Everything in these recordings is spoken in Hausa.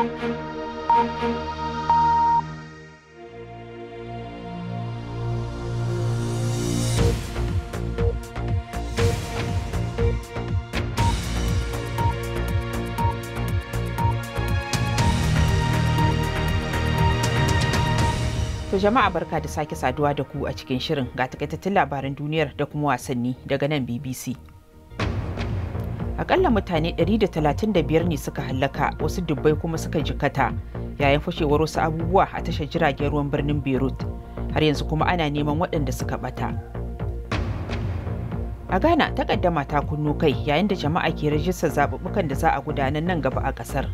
To jama'a barka da sake saduwa da ku a cikin shirin ga takaitattun labaran duniyar da kuma wasanni daga nan BBC. akalla mutane 135 ne suka hallaka wasu dubbai kuma suka jikata yayin fashewar wasu abubuwa a tashar jiragen ruwan birnin beirut har yanzu kuma ana neman waɗanda suka ɓata. a ghana takaddama ta kunno kai yayin da jama'a ke rajistar zaɓuɓɓukan da za a gudanar nan gaba a ƙasar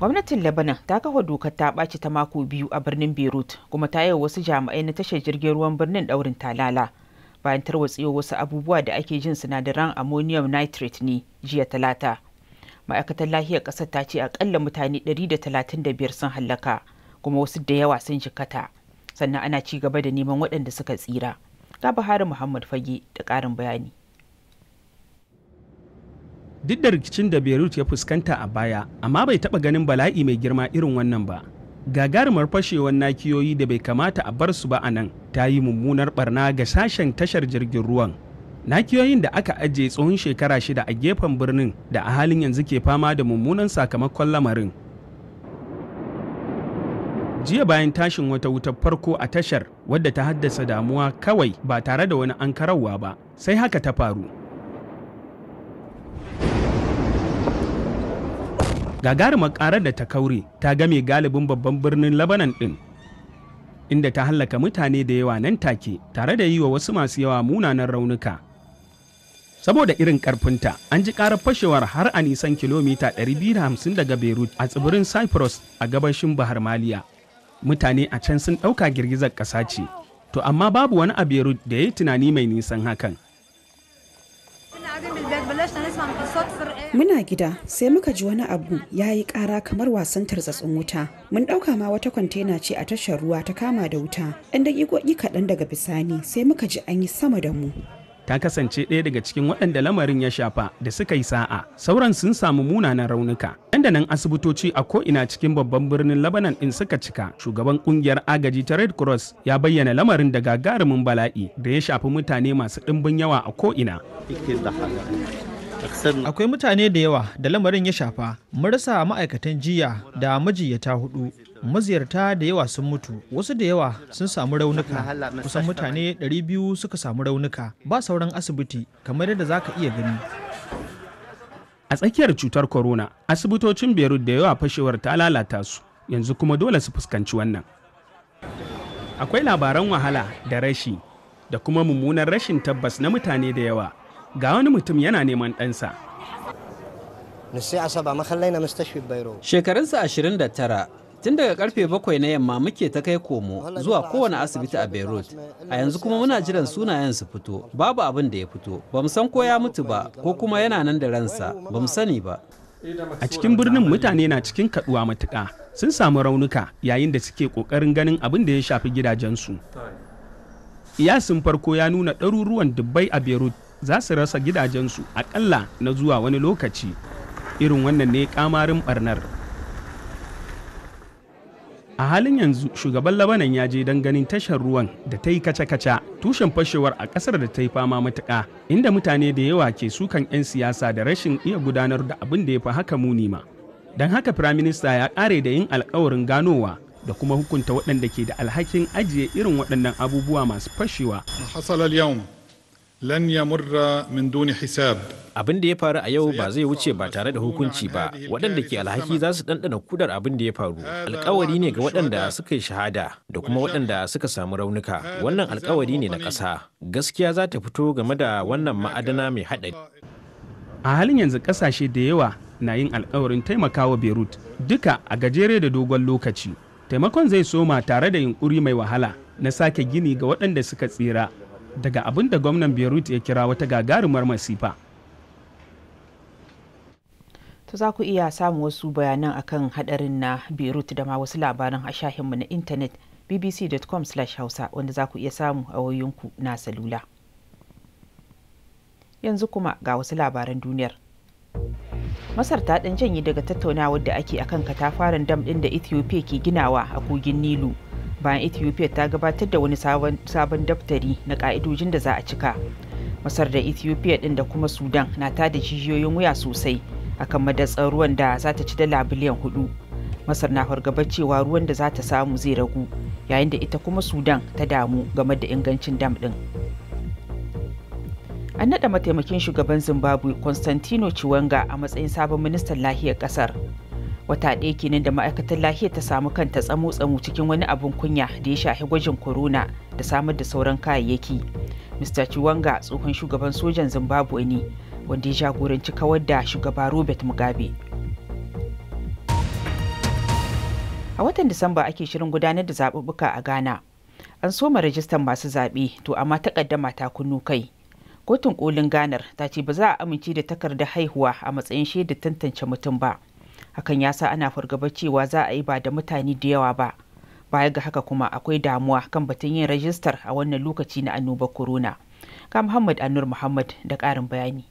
gwamnatin lebanon ta kafa dokar ta ɓaci ta mako biyu a birnin beirut kuma ta yi wasu jami'ai na tashar jirgin ruwan birnin ɗaurin talala bayan tarwatsewa wasu abubuwa da ake jin sinadaran ammonium nitrate ne jiya talata ma'aikatar lahiyar ƙasar ta ce akalla mutane 135 sun hallaka kuma wasu da yawa sun jikata sannan ana ci gaba da neman waɗanda suka tsira ga bahari muhammad fage da ƙarin bayani duk da rikicin da beirut ya fuskanta a baya amma bai taɓa ganin bala'i mai girma irin wannan ba gagarumar fashewar nakiyoyi da bai kamata a bar su ba a nan ta yi mummunar barna ga sashen tashar jirgin ruwan nakiyoyin da aka ajiye tsohon shekara shida a gefen birnin da a halin yanzu ke fama da mummunan sakamakon lamarin jiya bayan tashin wata wutar farko a tashar wadda ta haddasa damuwa kawai ba tare da wani karawa ba sai haka ta faru gagarumar karar da ta kaure ta game galibin babban birnin labanan din inda ta hallaka mutane da yawa nan take tare da yi wa wasu masu yawa munanan raunuka saboda irin karfinta an ji karar fashewar har a nisan kilomita 250 daga beirut a tsibirin cyprus a gabashin bahar maliya mutane a can sun ɗauka girgizar ƙasa ce to amma babu wani a beirut da ya yi tunani mai nisan hakan muna gida sai muka ji wani abu ya yi kara kamar wasan tarzatsun wuta mun ɗauka ma wata kwantena ce a tashar ruwa ta kama da wuta ɗan daƙiƙoƙi kaɗan daga bisani sai muka ji an yi sama da mu ta kasance ɗaya daga cikin waɗanda lamarin ya shafa da suka yi sa'a sauran sun samu munanan raunuka da nan asibitoci a ko'ina cikin babban birnin labanan ɗin suka cika shugaban kungiyar agaji ta red cross ya bayyana lamarin da gagarumin bala'i da ya shafi mutane masu ɗimbin yawa a ko'ina Akwai mutane da yawa da lamarin ya shafa, marasa ma'aikatan jiya da majiyata hudu. Maziyarta da yawa sun mutu, wasu da yawa sun samu raunuka, kusan mutane 200 suka samu raunuka, ba sauran asibiti kamar yadda za ka iya gani. A tsakiyar cutar corona, asibitocin Beirut da yawa fashewar ta lalata su, yanzu kuma dole su fuskanci wannan. Akwai labaran wahala da rashi da kuma mummunan rashin tabbas na mutane da yawa ga wani mutum yana neman ɗansa. Shekarunsa 29 tun daga karfe bakwai na yamma muke ta kai komo zuwa kowane asibiti a Beirut. A yanzu kuma muna jiran sunayen su fito, babu abin da ya fito. Ba mu san ko ya mutu ba ko kuma yana nan da ransa, ba mu sani ba. A cikin birnin mutane na cikin kaduwa matuka, sun samu raunuka yayin da suke ƙoƙarin ganin abin da ya shafi gidajensu. Iyasin farko ya nuna ɗaruruwan dubbai a Beirut za su rasa gidajensu akalla na zuwa wani lokaci irin wannan ne kamarin barnar a halin yanzu shugaban labanan ya je don ganin tashar ruwan da ta yi kaca-kaca tushen fashewar a ƙasar da ta yi fama matuƙa inda mutane da yawa ke sukan 'yan siyasa da rashin iya gudanar da abin da ya fi haka muni ma don haka firaminista ya ƙare da yin alkawarin ganowa da kuma hukunta waɗanda ke da alhakin ajiye irin waɗannan abubuwa masu fashewa. lan yamurra min duni hisab abin da ya faru a yau ba zai wuce ba tare da hukunci ba waɗanda ke alhaki za su ɗanɗana kudar abin da ya faru alkawari ne ga waɗanda suka yi shahada da kuma waɗanda suka samu raunuka wannan alkawari ne na ƙasa gaskiya za ta fito game da wannan ma'adana mai haɗari a halin yanzu ƙasashe da yawa na yin alkawarin taimakawa beirut duka a gajere da dogon lokaci taimakon zai soma tare da yunkuri mai wahala na sake gini ga waɗanda suka tsira daga abin da gwamnan beirut ya kira wata gagarumar masifa to za ku iya samun wasu bayanan akan hadarin na beirut da ma wasu labaran a shahinmu na intanet bbc.com hausa wanda za ku iya samu a wayoyinku na salula yanzu kuma ga wasu labaran duniyar masar ta dan janye daga tattaunawar da ake akan katafaren dam ɗin da ethiopia ke ginawa a kogin nilu bayan ethiopia ta gabatar da wani sabon daftari na ka'idojin da za a cika masar da ethiopia din da kuma sudan na tada jijiyoyin wuya sosai akan madatsar ruwan da za ta ci dala biliyan hudu masar na fargabar cewa ruwan da za ta samu zai ragu yayin da ita kuma sudan ta damu game da ingancin dam din an naɗa mataimakin shugaban zimbabwe constantino chiwanga a matsayin sabon ministan lahiyar ƙasar wata ɗaya kenan da ma'aikatar lafiya ta samu kanta tsamo-tsamo cikin wani abin kunya da ya shafi gwajin corona da samar da sauran kayayyaki mr chiwanga tsohon shugaban sojan zimbabwe ne wanda ya jagoranci kawar da shugaba robert mugabe a watan disamba ake shirin gudanar da zaɓuɓɓuka a ghana an soma rajistan masu zaɓe to amma takaddama ta kunnu kai kotun kolin ganar ta ce ba za a amince da takardar haihuwa a matsayin shaidar tantance mutum ba hakan ya sa ana fargaba cewa za a yi ba da mutane da yawa ba baya ga haka kuma akwai damuwa kan batun yin rajistar a wannan lokaci na annobar corona ga muhammad anur muhammad da ƙarin bayani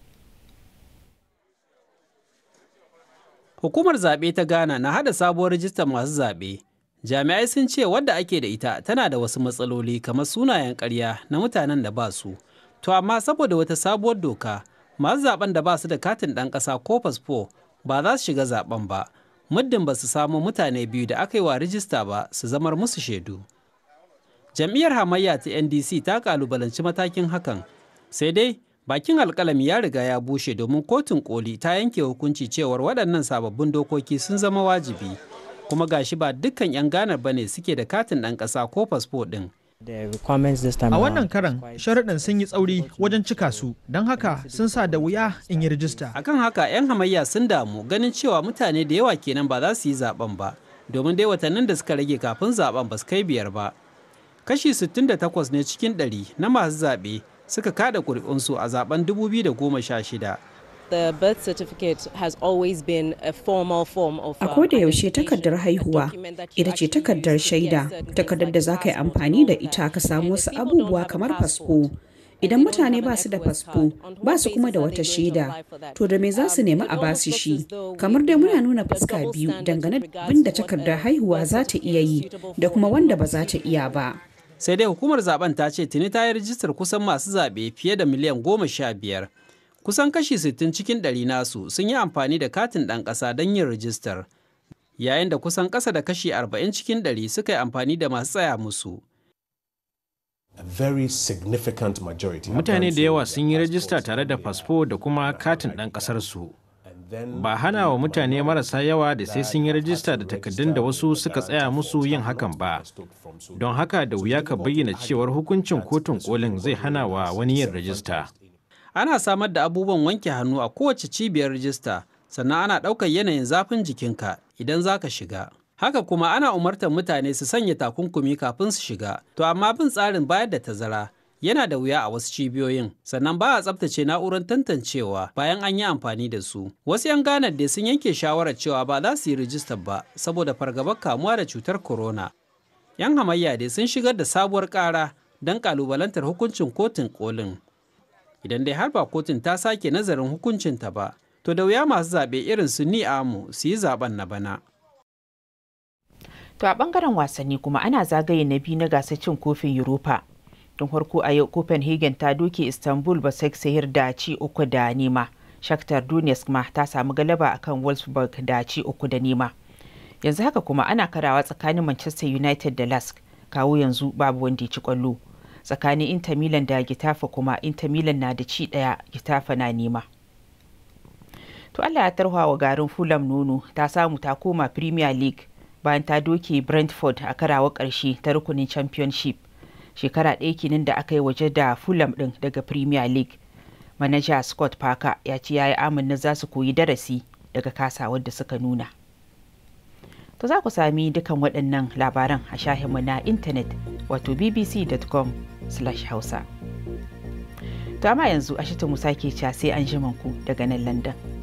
hukumar zaɓe ta ghana na hada sabuwar rajistar masu zaɓe jami'ai sun ce wadda ake da ita tana da wasu matsaloli kamar sunayen karya na mutanen da ba su to amma saboda wata sabuwar doka masu zaben da ba su da katin ɗan ƙasa ko fasfo ba za su shiga zaben ba muddin ba su samu mutane biyu da aka yi wa rijista ba su zamar musu shaidu jam'iyyar hamayya ta ndc ta kalubalanci matakin hakan sai dai bakin alkalami ya riga ya bushe domin kotun koli ta yanke hukunci cewar waɗannan sababbin dokoki sun zama wajibi kuma gashi ba dukkan 'yan ganar ba ne suke da katin ɗan ƙasa ko fasfo ɗin A wannan karan sharuɗan sun yi tsauri wajen cika su, don haka sun sa da wuya in yi rijista. Akan haka 'yan hamayya sun damu ganin cewa mutane da yawa kenan ba za su yi zaben ba, domin dai watannin da suka rage kafin zaben ba su kai biyar ba. Kashi 68 ne cikin 100 na masu zaɓe suka kada ƙuri'unsu a zaben 2016. The da a um, yaushe takardar haihuwa ita ce takardar shaida, takardar da za ka yi amfani da ita ka samu wasu abubuwa kamar fasfo. Idan mutane ba su da fasfo, ba su kuma da wata shaida, to da me za su um, nemi a basu shi, kamar dai muna nuna fuska biyu dangane da takardar haihuwa za ta iya yi da kuma wanda ba za ta iya ba. sai dai hukumar zaben ta ce tuni ta yi rijistar kusan masu zaɓe fiye da miliyan goma sha biyar kusan kashi 60 cikin ɗari nasu sun yi amfani da katin ɗan ƙasa don yin rijistar yayin da kusan ƙasa da kashi 40 cikin ɗari suka yi amfani da masu tsaya musu mutane da yawa sun yi rajista tare da fasfo da kuma uh, katin ɗan ƙasarsu ba hana wa mutane marasa yawa da sai sun yi rajista da takardun da wasu suka tsaya musu yin hakan ba don haka da wuya ka bayyana cewar hukuncin kotun kolin zai hana wa wani yin rajista ana samar da abubuwan wanke hannu a kowace cibiyar rijista sannan ana ɗaukar yanayin zafin jikinka idan za ka shiga haka kuma ana umartar mutane su sanya takunkumi kafin su shiga to amma bin tsarin bayar da tazara yana da wuya a wasu cibiyoyin sannan ba a tsabtace na'urar tantancewa bayan an yi amfani da su wasu 'yan ganar da sun yanke shawarar cewa ba za su yi rijistar ba saboda fargabar kamuwa da cutar corona 'yan hamayya dai sun shigar da sabuwar ƙara don ƙalubalantar hukuncin kotun kolin idan dai har ba kotun ta sake nazarin hukuncinta ba to da wuya masu zaɓe irin su ni amu su yi zaɓen na bana to a ɓangaren wasanni kuma ana zagaye na biyu na gasar cin kofin europa don farko a yau copenhagen ta doke istanbul ba sayar da ci uku da nema shakhtar donetsk ma ta samu galaba akan wolfsburg da ci uku da nema yanzu haka kuma ana karawa tsakanin manchester united da lask kawo yanzu babu wanda ya ci kwallo tsakanin inter milan da gitafa kuma inter milan na da ci daya gitafa na nema to allah ya tarwa wa garin fulham nono ta samu ta koma premier league bayan ta doke brentford a karawa karshe ta rukunin championship shekara ɗaya kinin da aka yi waje da fulham ɗin daga premier league manaja scott parker ya ce ya yi na za su koyi darasi daga kasawar da suka nuna to za ku sami dukan waɗannan labaran a shahinmu na intanet wato bbc.com hausa to amma yanzu a shi musa sake ca sai an ku daga nan london